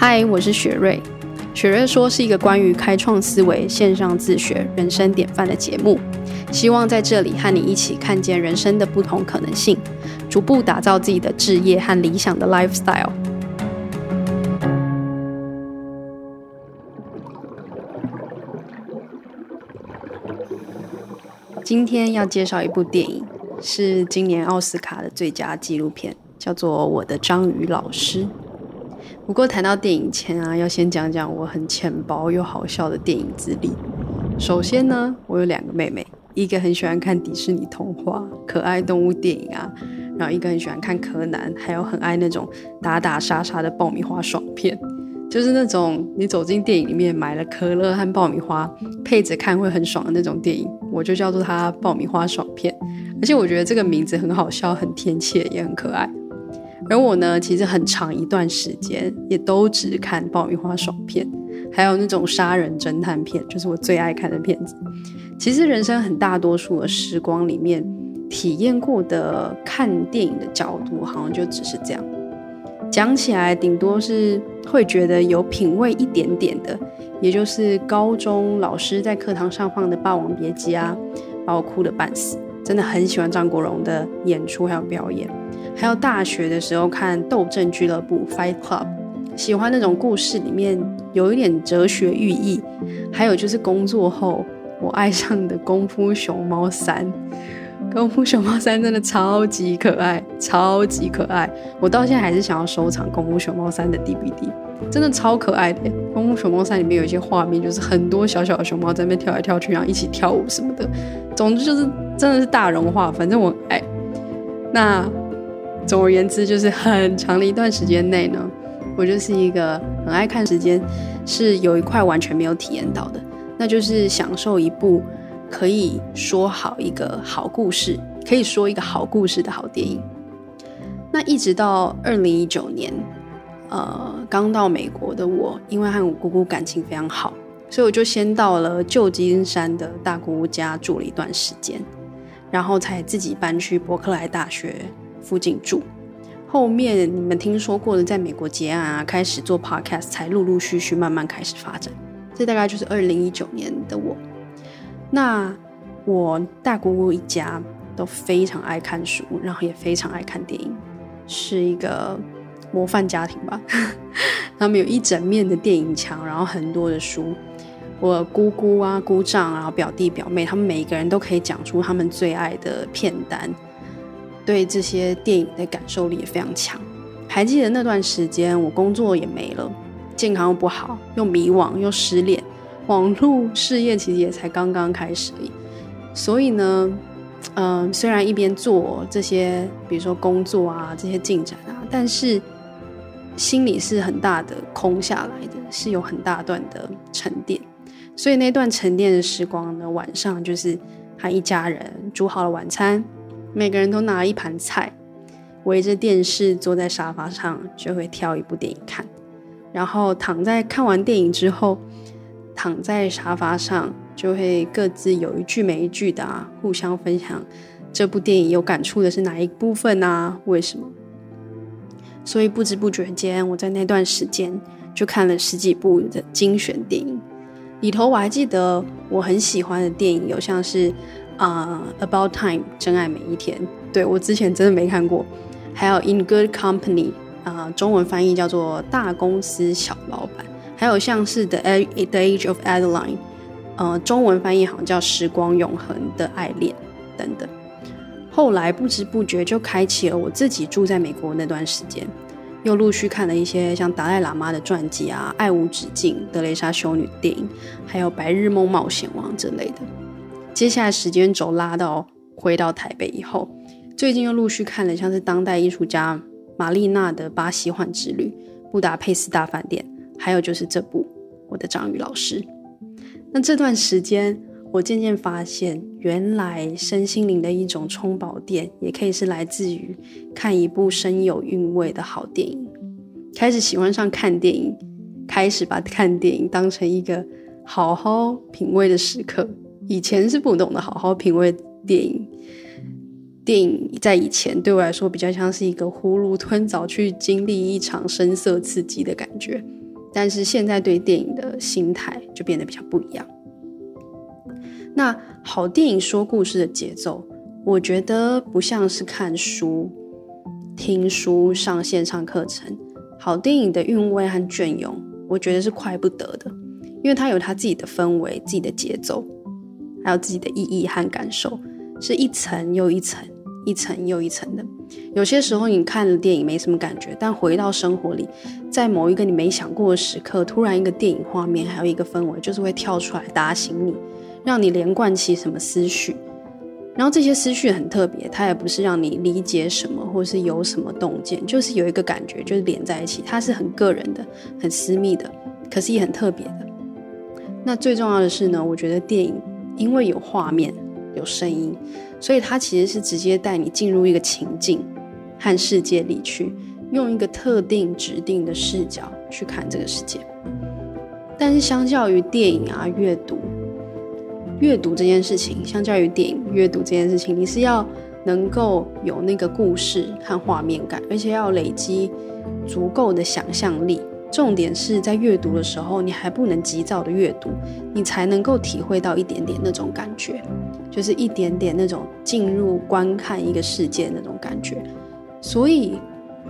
嗨，Hi, 我是雪瑞。雪瑞說是一個關於開創思維、線上自學、人生典範的節目，希望在這裡和你一起看見人生的不同可能性，逐步打造自己的志業和理想的 lifestyle。今天要介紹一部電影，是今年奧斯卡的最佳紀錄片，叫做《我的章魚老師》。不過談到電影前啊，要先講講我很淺薄又好笑的電影資歷。首先呢，我有兩個妹妹，一個很喜歡看迪士尼童話、可愛動物電影啊，然後一個很喜歡看柯南，還有很愛那種打打殺殺的爆米花爽片，就是那種你走進電影裡面買了可樂和爆米花，配着看會很爽的那種電影，我就叫做它爆米花爽片。而且我覺得這個名字很好笑、很貼切，也很可愛。而我呢，其實很長一段時間也都只看爆米花爽片，還有那種殺人偵探片，就是我最愛看的片子。其實人生很大多數的時光裡面，體驗過的看電影的角度，好像就只是這樣。講起來，頂多是會覺得有品味一點點的，也就是高中老師在課堂上放的《霸王別姬》啊，把我哭得半死。真的很喜歡張國榮的演出，還有表演，還有大學的時候看《鬥陣俱樂部》Fight Club，喜歡那種故事裡面有一點哲學寓意，還有就是工作後我愛上的《功夫熊貓三》，《功夫熊貓三》真的超級可愛，超級可愛，我到現在還是想要收藏《功夫熊貓三》的 DVD。真的超可愛的。《功夫熊貓三》裡面有一些畫面，就是很多小小的熊貓在那邊跳來跳去，然後一起跳舞什麼的。總之就是真的是大融化。反正我愛。那總而言之，就是很長的一段時間內呢，我就是一個很愛看時間，是有一塊完全沒有體驗到的，那就是享受一部可以說好一個好故事，可以說一個好故事的好電影。那一直到二零一九年。呃，剛到美國的我，因為和我姑姑感情非常好，所以我就先到了舊金山的大姑姑家住了一段時間，然後才自己搬去伯克萊大學附近住。後面你們聽說過的，在美國接案啊，開始做 podcast，才陸陸續續慢慢開始發展。這大概就是二零一九年的我。那我大姑姑一家都非常愛看書，然後也非常愛看電影，是一個。模範家庭吧， 他們有一整面的電影牆，然後很多的書。我姑姑啊、姑丈啊、然後表弟表妹，他們每一個人都可以講出他們最愛的片單，對這些電影的感受力也非常強。還記得那段時間，我工作也沒了，健康又不好，又迷惘，又失戀，網絡事業其實也才剛剛開始。所以呢，嗯、呃，雖然一邊做這些，比如說工作啊、這些進展啊，但是。心裡是很大的空下來的，是有很大段的沉澱，所以那段沉澱的時光呢，晚上就是和一家人煮好了晚餐，每個人都拿了一盤菜，圍着電視坐在沙發上，就會挑一部電影看，然後躺在看完電影之後，躺在沙發上就會各自有一句沒一句的、啊、互相分享這部電影有感觸的是哪一部分啊？為什麼？所以不知不覺間，我在那段時間就看了十幾部的精選電影。裡頭我還記得我很喜歡的電影有像是啊，uh,《About Time》《真愛每一天》對，對我之前真的沒看過。還有《In Good Company》啊，中文翻譯叫做《大公司小老闆》。還有像是《The Age of Adeline》uh, 呃，中文翻譯好像叫《時光永恆的愛戀》等等。後來不知不覺就開啟了我自己住在美國那段時間，又陸續看了一些像達賴喇嘛的傳記啊，《愛無止境》、德雷莎修女電影，還有《白日夢冒險王》之類的。接下來時間軸拉到回到台北以後，最近又陸續看了像是當代藝術家瑪麗娜的《巴西幻之旅》、《布達佩斯大飯店》，還有就是這部《我的章魚老師》。那這段時間。我漸漸發現，原來身心靈的一種充飽電，也可以是來自於看一部深有韻味的好電影。開始喜歡上看電影，開始把看電影當成一個好好品味的時刻。以前是不懂得好好品味電影，電影在以前對我來說比較像是一個囫圇吞棗去經歷一場聲色刺激的感覺。但是現在對電影的心態就變得比較不一樣。那好電影說故事的節奏，我覺得不像是看書、聽書、上線上課程。好電影的韻味和雋永，我覺得是快不得的，因為它有它自己的氛圍、自己的節奏，還有自己的意義和感受，是一層又一層、一層又一層的。有些時候你看了電影沒什麼感覺，但回到生活裡，在某一個你沒想過的時刻，突然一個電影畫面，還有一個氛圍，就是會跳出來打醒你。讓你連貫起什麼思緒，然後這些思緒很特別，它也不是讓你理解什麼，或是有什麼洞見，就是有一個感覺，就是連在一起，它是很個人的、很私密的，可是也很特別的。那最重要的是呢，我覺得電影因為有畫面、有聲音，所以它其實是直接帶你進入一個情境和世界裡去，用一個特定指定的視角去看這個世界。但是相較於電影啊，閱讀。閱讀這件事情，相較於電影，閱讀這件事情，你是要能夠有那個故事和畫面感，而且要累積足夠的想象力。重點是在閱讀的時候，你還不能急躁地閱讀，你才能夠體會到一點點那種感覺，就是一點點那種進入觀看一個世界那種感覺。所以，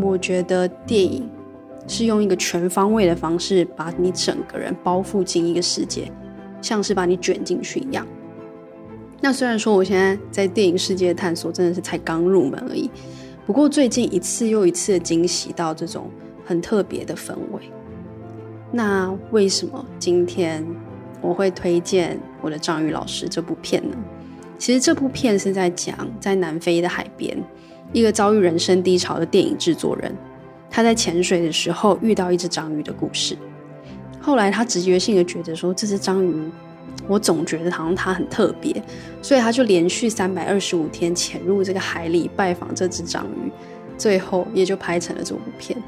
我覺得電影是用一個全方位的方式，把你整個人包覆進一個世界。像是把你卷進去一樣。那雖然說我現在在電影世界探索真的是才剛入門而已，不過最近一次又一次的驚喜到這種很特別的氛圍。那為什麼今天我會推薦我的章魚老師這部片呢？其實這部片是在講在南非的海邊，一個遭遇人生低潮的電影制作人，他在潛水的時候遇到一隻章魚的故事。後來他直覺性的覺得說，這只章魚，我總覺得好像它很特別，所以他就連續三百二十五天潛入這個海裡拜訪這只章魚，最後也就拍成了這部片。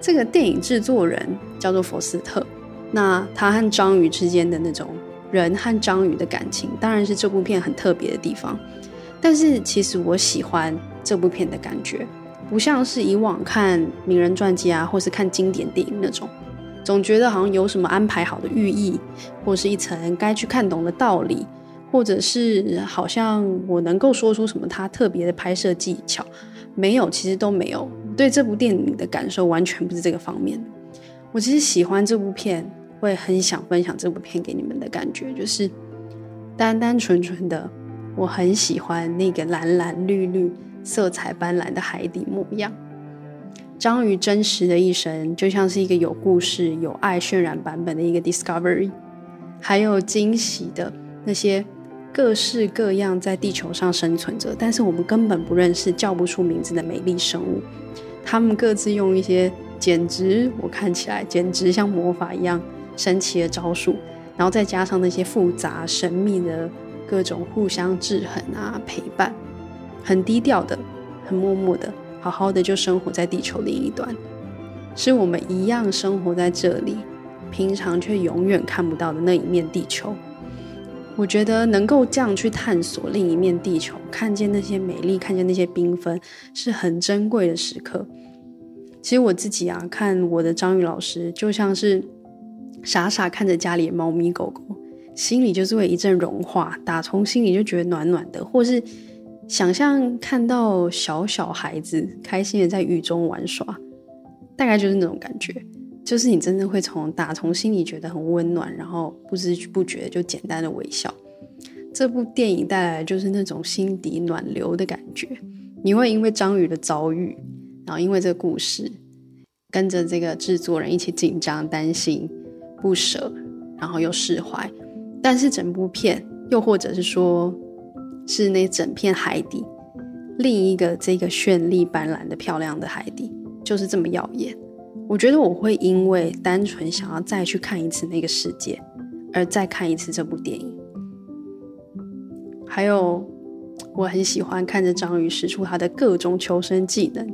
這個電影制作人叫做佛斯特，那他和章魚之間的那種人和章魚的感情，當然是這部片很特別的地方。但是其實我喜歡這部片的感覺，不像是以往看名人傳記啊，或是看經典電影那種。總覺得好像有什麼安排好的寓意，或是一層該去看懂的道理，或者是好像我能夠說出什麼他特別的拍攝技巧，沒有，其實都沒有。對這部電影的感受完全不是這個方面。我其實喜歡這部片，會很想分享這部片給你們的感覺，就是單單純純的，我很喜歡那個藍藍綠綠、色彩斑斕的海底模樣。章魚真實的一生，就像是一個有故事、有愛渲染版本的一個 discovery，還有驚喜的那些各式各樣在地球上生存着，但是我們根本不認識、叫不出名字的美麗生物，他們各自用一些簡直我看起來簡直像魔法一樣神奇的招數，然後再加上那些複雜、神祕的各種互相制衡啊、陪伴，很低調的、很默默的。好好的就生活在地球另一端，是我們一樣生活在這裡，平常卻永遠看不到的那一面地球。我覺得能夠這樣去探索另一面地球，看見那些美麗，看見那些繽紛，是很珍貴的時刻。其實我自己啊，看我的章魚老師，就像是傻傻看着家裡的貓咪狗狗，心裡就是會一陣融化，打從心裡就覺得暖暖的，或是。想象看到小小孩子開心的在雨中玩耍，大概就是那種感覺，就是你真的會從打從心裡覺得很溫暖，然後不知不覺就簡單的微笑。這部電影帶來的就是那種心底暖流的感覺，你會因為章魚的遭遇，然後因為這個故事，跟着這個製作人一起緊張、擔心、不捨，然後又釋懷。但是整部片，又或者是說。是那整片海底，另一個這個絢麗斑斕的漂亮的海底就是這麼耀眼。我覺得我會因為單純想要再去看一次那個世界，而再看一次這部電影。還有，我很喜歡看着章魚使出它的各種求生技能、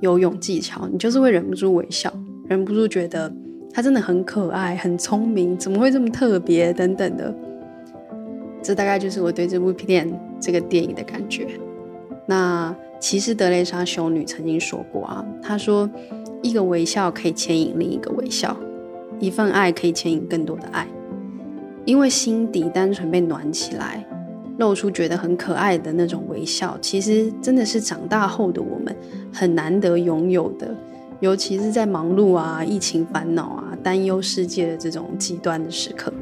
游泳技巧，你就是會忍不住微笑，忍不住覺得它真的很可愛、很聰明，怎麼會這麼特別等等的。這大概就是我對這部片。這個電影的感覺。那其實德蕾莎修女曾經說過啊，她說：“一個微笑可以牽引另一個微笑，一份愛可以牽引更多的愛。因為心底單純被暖起來，露出覺得很可愛的那種微笑，其實真的是長大後的我們很難得擁有的，尤其是在忙碌啊、疫情煩惱啊、擔憂世界的這種極端的時刻。”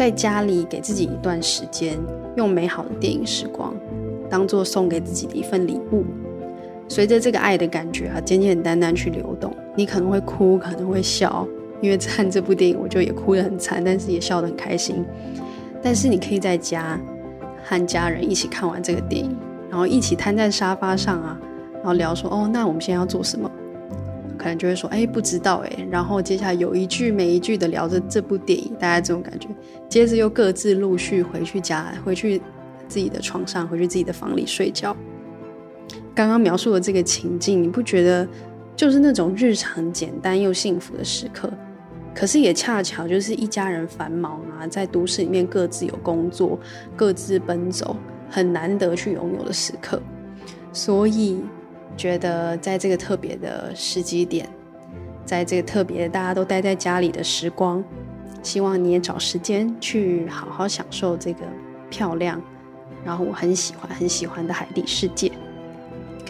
在家裡給自己一段時間，用美好的電影時光當做送給自己的一份禮物。隨着這個愛的感覺啊，簡簡單單去流動，你可能會哭，可能會笑，因為看這部電影我就也哭得很慘，但是也笑得很開心。但是你可以在家和家人一起看完這個電影，然後一起癱在沙發上啊，然後聊說，哦，那我們現在要做什麼？可能就會說：“欸，不知道欸。”然後接下來有一句沒一句的聊着這部電影，大家這種感覺。接着又各自陸續回去家，回去自己的床上，回去自己的房裡睡覺。剛剛描述的這個情境，你不覺得就是那種日常簡單又幸福的時刻？可是也恰巧就是一家人繁忙啊，在都市裡面各自有工作，各自奔走，很難得去擁有的時刻，所以。覺得在這個特別的時機點，在這個特別大家都待在家裡的時光，希望你也找時間去好好享受這個漂亮，然後我很喜歡很喜歡的海底世界，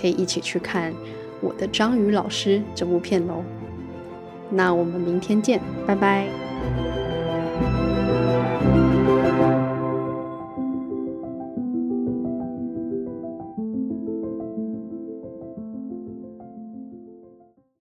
可以一起去看我的章魚老師這部片嘍。那我們明天見，拜拜。